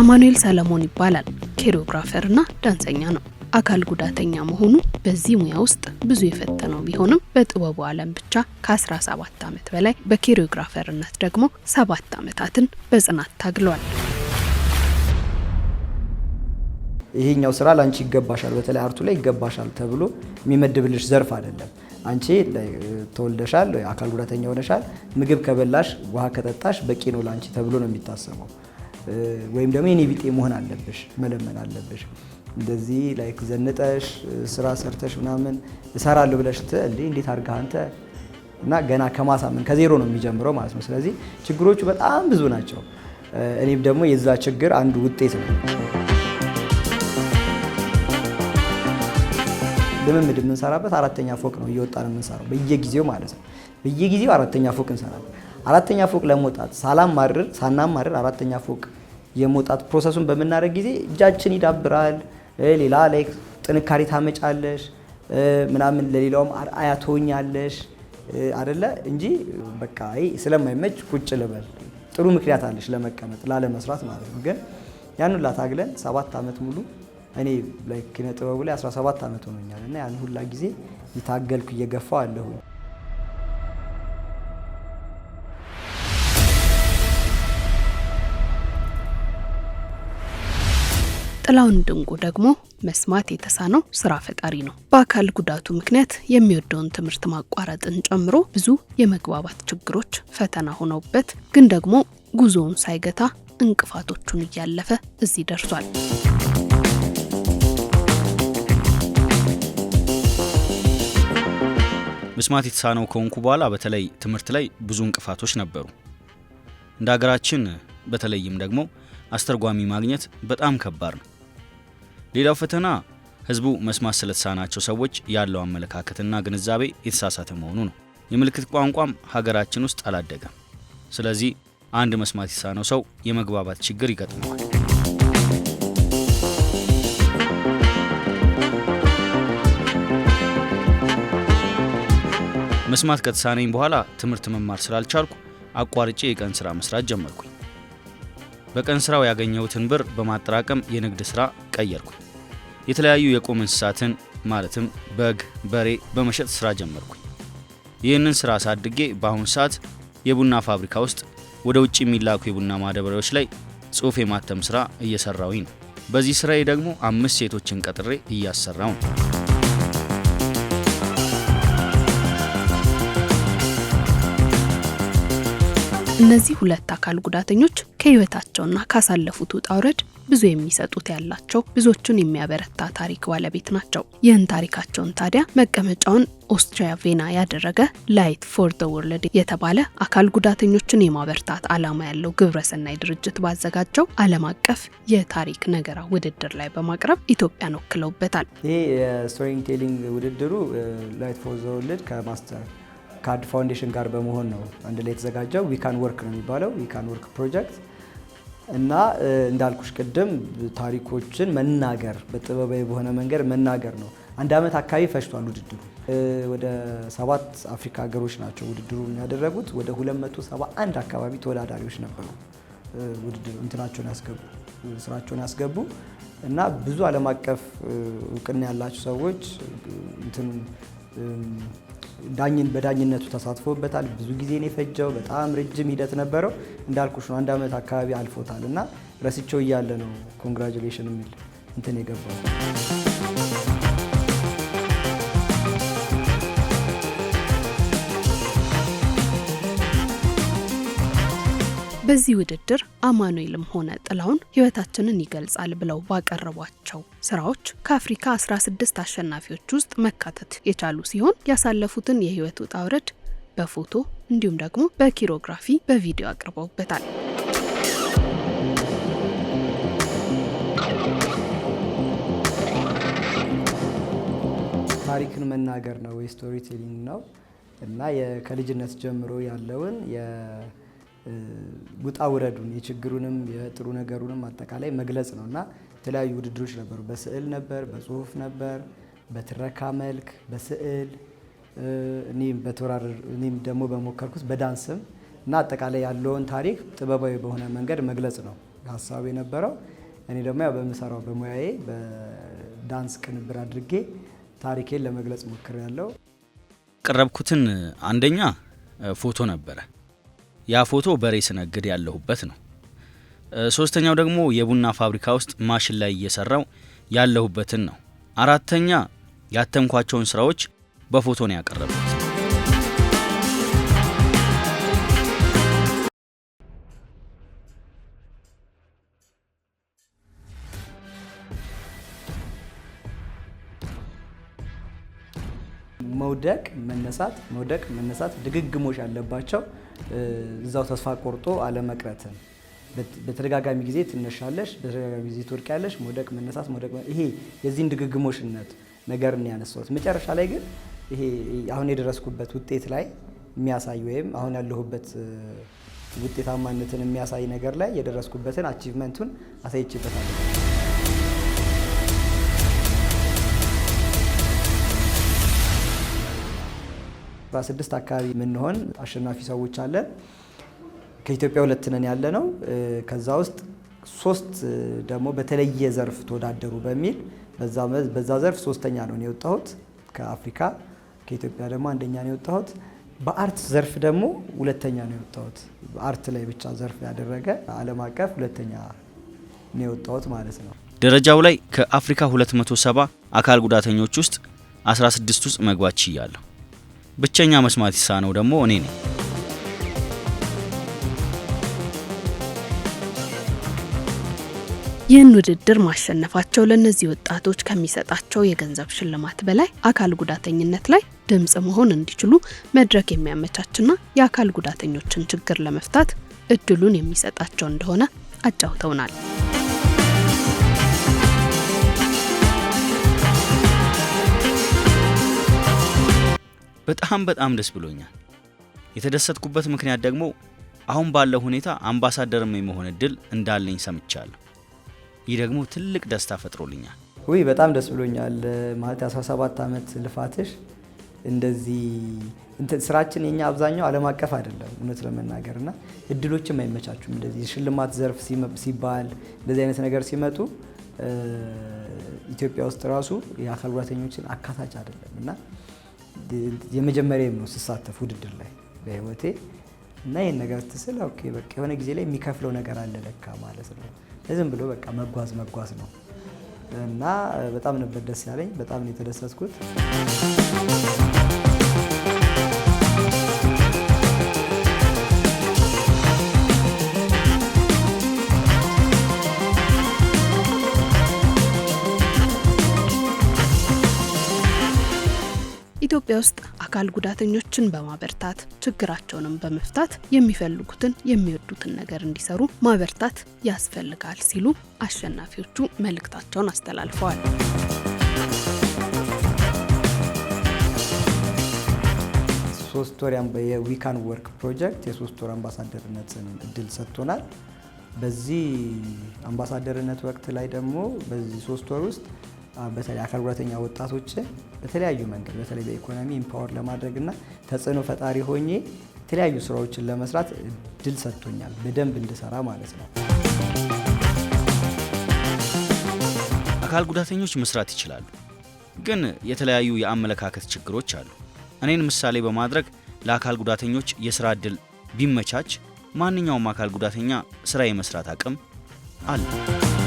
አማኑኤል ሰለሞን ይባላል። ኬሪዮግራፈርና ዳንሰኛ ነው። አካል ጉዳተኛ መሆኑ በዚህ ሙያ ውስጥ ብዙ የፈተነው ቢሆንም በጥበቡ ዓለም ብቻ ከ17 ዓመት በላይ በኬሪዮግራፈርነት ደግሞ ሰባት ዓመታትን በጽናት ታግሏል። ይሄኛው ስራ ለአንቺ ይገባሻል፣ በተለይ አርቱ ላይ ይገባሻል ተብሎ የሚመድብልሽ ዘርፍ አይደለም። አንቺ ተወልደሻል፣ አካል ጉዳተኛ ሆነሻል፣ ምግብ ከበላሽ ውሃ ከጠጣሽ በቂ ነው ለአንቺ ተብሎ ነው የሚታሰበው። ወይም ደግሞ የኔ ቢጤ መሆን አለብሽ፣ መለመን አለብሽ። እንደዚህ ላይክ ዘንጠሽ ስራ ሰርተሽ ምናምን እሰራለሁ ብለሽ እንዴት አድርጋ አንተ እና ገና ከማሳመን ከዜሮ ነው የሚጀምረው ማለት ነው። ስለዚህ ችግሮቹ በጣም ብዙ ናቸው። እኔም ደግሞ የዛ ችግር አንዱ ውጤት ነው። ልምምድ የምንሰራበት አራተኛ ፎቅ ነው። እየወጣን የምንሰራው በየጊዜው ማለት ነው። በየጊዜው አራተኛ ፎቅ እንሰራለን። አራተኛ ፎቅ ለመውጣት ሳላማርር ሳናማርር አራተኛ ፎቅ የመውጣት ፕሮሰሱን በምናደርግ ጊዜ እጃችን ይዳብራል። ሌላ ላይ ጥንካሬ ታመጫለሽ ምናምን ለሌላውም አርአያ ትሆኛለሽ አደለ እንጂ በቃ ስለማይመች ቁጭ ልበል ጥሩ ምክንያት አለሽ ለመቀመጥ ላለመስራት ማለት ነው። ግን ያን ሁላ ታግለን ሰባት ዓመት ሙሉ እኔ ኪነ ጥበቡ ላይ 17 ዓመት ሆኖኛል እና ያን ሁላ ጊዜ የታገልኩ እየገፋው አለሁኝ። ጥላውን ድንቁ ደግሞ መስማት የተሳነው ስራ ፈጣሪ ነው። በአካል ጉዳቱ ምክንያት የሚወደውን ትምህርት ማቋረጥን ጨምሮ ብዙ የመግባባት ችግሮች ፈተና ሆነውበት ግን ደግሞ ጉዞውን ሳይገታ እንቅፋቶቹን እያለፈ እዚህ ደርሷል። መስማት የተሳነው ከሆንኩ በኋላ በተለይ ትምህርት ላይ ብዙ እንቅፋቶች ነበሩ። እንደ ሀገራችን በተለይም ደግሞ አስተርጓሚ ማግኘት በጣም ከባድ ነው። ሌላው ፈተና ህዝቡ መስማት ስለተሳናቸው ሰዎች ያለው አመለካከትና ግንዛቤ የተሳሳተ መሆኑ ነው። የምልክት ቋንቋም ሀገራችን ውስጥ አላደገም። ስለዚህ አንድ መስማት የተሳነው ሰው የመግባባት ችግር ይገጥመዋል። መስማት ከተሳነኝ በኋላ ትምህርት መማር ስላልቻልኩ አቋርጬ የቀን ስራ መስራት ጀመርኩኝ። በቀን ስራው ያገኘሁትን ብር በማጠራቀም የንግድ ስራ ቀየርኩኝ። የተለያዩ የቁም እንስሳትን ማለትም በግ፣ በሬ በመሸጥ ስራ ጀመርኩኝ። ይህንን ስራ አሳድጌ በአሁኑ ሰዓት የቡና ፋብሪካ ውስጥ ወደ ውጭ የሚላኩ የቡና ማዳበሪያዎች ላይ ጽሑፍ የማተም ስራ እየሰራውኝ ነው። በዚህ ስራዬ ደግሞ አምስት ሴቶችን ቀጥሬ እያሰራው ነው። እነዚህ ሁለት አካል ጉዳተኞች ከህይወታቸውና ካሳለፉት ውጣ ውረድ ብዙ የሚሰጡት ያላቸው ብዙዎቹን የሚያበረታ ታሪክ ባለቤት ናቸው። ይህን ታሪካቸውን ታዲያ መቀመጫውን ኦስትሪያ ቬና ያደረገ ላይት ፎር ደ ወርልድ የተባለ አካል ጉዳተኞችን የማበርታት ዓላማ ያለው ግብረሰናይ ድርጅት ባዘጋጀው ዓለም አቀፍ የታሪክ ነገራ ውድድር ላይ በማቅረብ ኢትዮጵያን ወክለውበታል። ይህ የስቶሪንግ ቴሊንግ ውድድሩ ላይት ፎር ዘ ወርልድ ከማስተር ካርድ ፋውንዴሽን ጋር በመሆን ነው አንድ ላይ የተዘጋጀው። ዊካን ወርክ ነው የሚባለው ዊካን ወርክ ፕሮጀክት እና እንዳልኩሽ ቅድም ታሪኮችን መናገር በጥበባዊ በሆነ መንገድ መናገር ነው። አንድ ዓመት አካባቢ ፈጅቷል ውድድሩ። ወደ ሰባት አፍሪካ ሀገሮች ናቸው ውድድሩን ያደረጉት። ወደ 271 አካባቢ ተወዳዳሪዎች ነበሩ ውድድሩ እንትናቸውን ያስገቡ ስራቸውን ያስገቡ እና ብዙ ዓለም አቀፍ እውቅና ያላቸው ሰዎች እንትን ዳኝን በዳኝነቱ ተሳትፎበታል። ብዙ ጊዜ ነው የፈጀው። በጣም ረጅም ሂደት ነበረው። እንዳልኩሽ ነው አንድ ዓመት አካባቢ አልፎታል እና ረስቸው እያለ ነው ኮንግራጁሌሽን የሚል እንትን የገባው በዚህ ውድድር አማኑኤልም ሆነ ጥላውን ህይወታችንን ይገልጻል ብለው ባቀረቧቸው ስራዎች ከአፍሪካ 16 አሸናፊዎች ውስጥ መካተት የቻሉ ሲሆን ያሳለፉትን የህይወት ውጣ ውረድ በፎቶ እንዲሁም ደግሞ በኪሮግራፊ በቪዲዮ አቅርበውበታል። ታሪክን መናገር ነው ወይ ስቶሪ ቴሊንግ ነው እና ከልጅነት ጀምሮ ያለውን ውጣ ውረዱን የችግሩንም የጥሩ ነገሩንም አጠቃላይ መግለጽ ነው እና የተለያዩ ውድድሮች ነበሩ። በስዕል ነበር፣ በጽሁፍ ነበር፣ በትረካ መልክ፣ በስዕል እኔም ደግሞ በሞከርኩት በዳንስም እና አጠቃላይ ያለውን ታሪክ ጥበባዊ በሆነ መንገድ መግለጽ ነው ሀሳቡ የነበረው። እኔ ደግሞ ያው በምሰራው በሙያዬ በዳንስ ቅንብር አድርጌ ታሪኬን ለመግለጽ ሞክር ያለው ቀረብኩትን አንደኛ ፎቶ ነበረ ያ ፎቶ በሬ ስነግድ ያለሁበት ነው። ሶስተኛው ደግሞ የቡና ፋብሪካ ውስጥ ማሽን ላይ እየሰራው ያለሁበትን ነው። አራተኛ ያተምኳቸውን ስራዎች በፎቶ ነው ያቀረብኩት። መውደቅ መነሳት፣ መውደቅ መነሳት ድግግሞሽ ያለባቸው እዛው ተስፋ ቆርጦ አለመቅረትን በተደጋጋሚ ጊዜ ትነሻለሽ፣ በተደጋጋሚ ጊዜ ትወድቂያለሽ። መውደቅ መነሳት፣ መውደቅ ይሄ የዚህን ድግግሞሽነት ነገር ነው ያነሳሁት። መጨረሻ ላይ ግን ይሄ አሁን የደረስኩበት ውጤት ላይ የሚያሳይ ወይም አሁን ያለሁበት ውጤታማነትን የሚያሳይ ነገር ላይ የደረስኩበትን አቺቭመንቱን አሳይችበታለሁ። ስድስት አካባቢ የምንሆን አሸናፊ ሰዎች አለን። ከኢትዮጵያ ሁለት ነን ያለ ነው። ከዛ ውስጥ ሶስት ደግሞ በተለየ ዘርፍ ተወዳደሩ በሚል በዛ ዘርፍ ሶስተኛ ነው የወጣሁት ከአፍሪካ። ከኢትዮጵያ ደግሞ አንደኛ ነው የወጣሁት። በአርት ዘርፍ ደግሞ ሁለተኛ ነው የወጣሁት። በአርት ላይ ብቻ ዘርፍ ያደረገ ዓለም አቀፍ ሁለተኛ ነው የወጣሁት ማለት ነው። ደረጃው ላይ ከአፍሪካ 270 አካል ጉዳተኞች ውስጥ 16 ውስጥ መግባት ችያለሁ። ብቸኛ መስማት ይሳነው ደግሞ እኔ ነኝ። ይህን ውድድር ማሸነፋቸው ለእነዚህ ወጣቶች ከሚሰጣቸው የገንዘብ ሽልማት በላይ አካል ጉዳተኝነት ላይ ድምፅ መሆን እንዲችሉ መድረክ የሚያመቻችና የአካል ጉዳተኞችን ችግር ለመፍታት እድሉን የሚሰጣቸው እንደሆነ አጫውተውናል። በጣም በጣም ደስ ብሎኛል። የተደሰትኩበት ምክንያት ደግሞ አሁን ባለው ሁኔታ አምባሳደርም የመሆን እድል እንዳለኝ ሰምቻለሁ። ይህ ደግሞ ትልቅ ደስታ ፈጥሮልኛል። ውይ በጣም ደስ ብሎኛል። ማለት 17 ዓመት ልፋትሽ እንደዚህ ስራችን የኛ አብዛኛው ዓለም አቀፍ አይደለም እውነት ለመናገር እና እድሎችም እንደዚህ ሽልማት ዘርፍ ሲባል እንደዚህ አይነት ነገር ሲመጡ ኢትዮጵያ ውስጥ ራሱ የአካል ጉዳተኞችን አካታች አይደለም እና የመጀመሪያ ነው ስሳተፍ ውድድር ላይ በህይወቴ እና ይህን ነገር ትስል ኦኬ በቃ የሆነ ጊዜ ላይ የሚከፍለው ነገር አለ ለካ ማለት ነው። ለዝም ብሎ በቃ መጓዝ መጓዝ ነው እና በጣም ነበር ደስ ያለኝ። በጣም ነው የተደሰትኩት። ኢትዮጵያ ውስጥ አካል ጉዳተኞችን በማበርታት ችግራቸውንም በመፍታት የሚፈልጉትን የሚወዱትን ነገር እንዲሰሩ ማበርታት ያስፈልጋል ሲሉ አሸናፊዎቹ መልእክታቸውን አስተላልፈዋል። ሶስት ወር የዊካን ወርክ ፕሮጀክት የሶስት ወር አምባሳደርነትን እድል ሰጥቶናል። በዚህ አምባሳደርነት ወቅት ላይ ደግሞ በዚህ ሶስት ወር ውስጥ በተለይ አካል ጉዳተኛ ወጣቶችን በተለያዩ መንገድ በተለይ በኢኮኖሚ ኢምፓወር ለማድረግና ተጽዕኖ ፈጣሪ ሆኜ የተለያዩ ስራዎችን ለመስራት እድል ሰጥቶኛል፣ በደንብ እንድሰራ ማለት ነው። አካል ጉዳተኞች መስራት ይችላሉ፣ ግን የተለያዩ የአመለካከት ችግሮች አሉ። እኔን ምሳሌ በማድረግ ለአካል ጉዳተኞች የስራ እድል ቢመቻች ማንኛውም አካል ጉዳተኛ ስራ የመስራት አቅም አለ።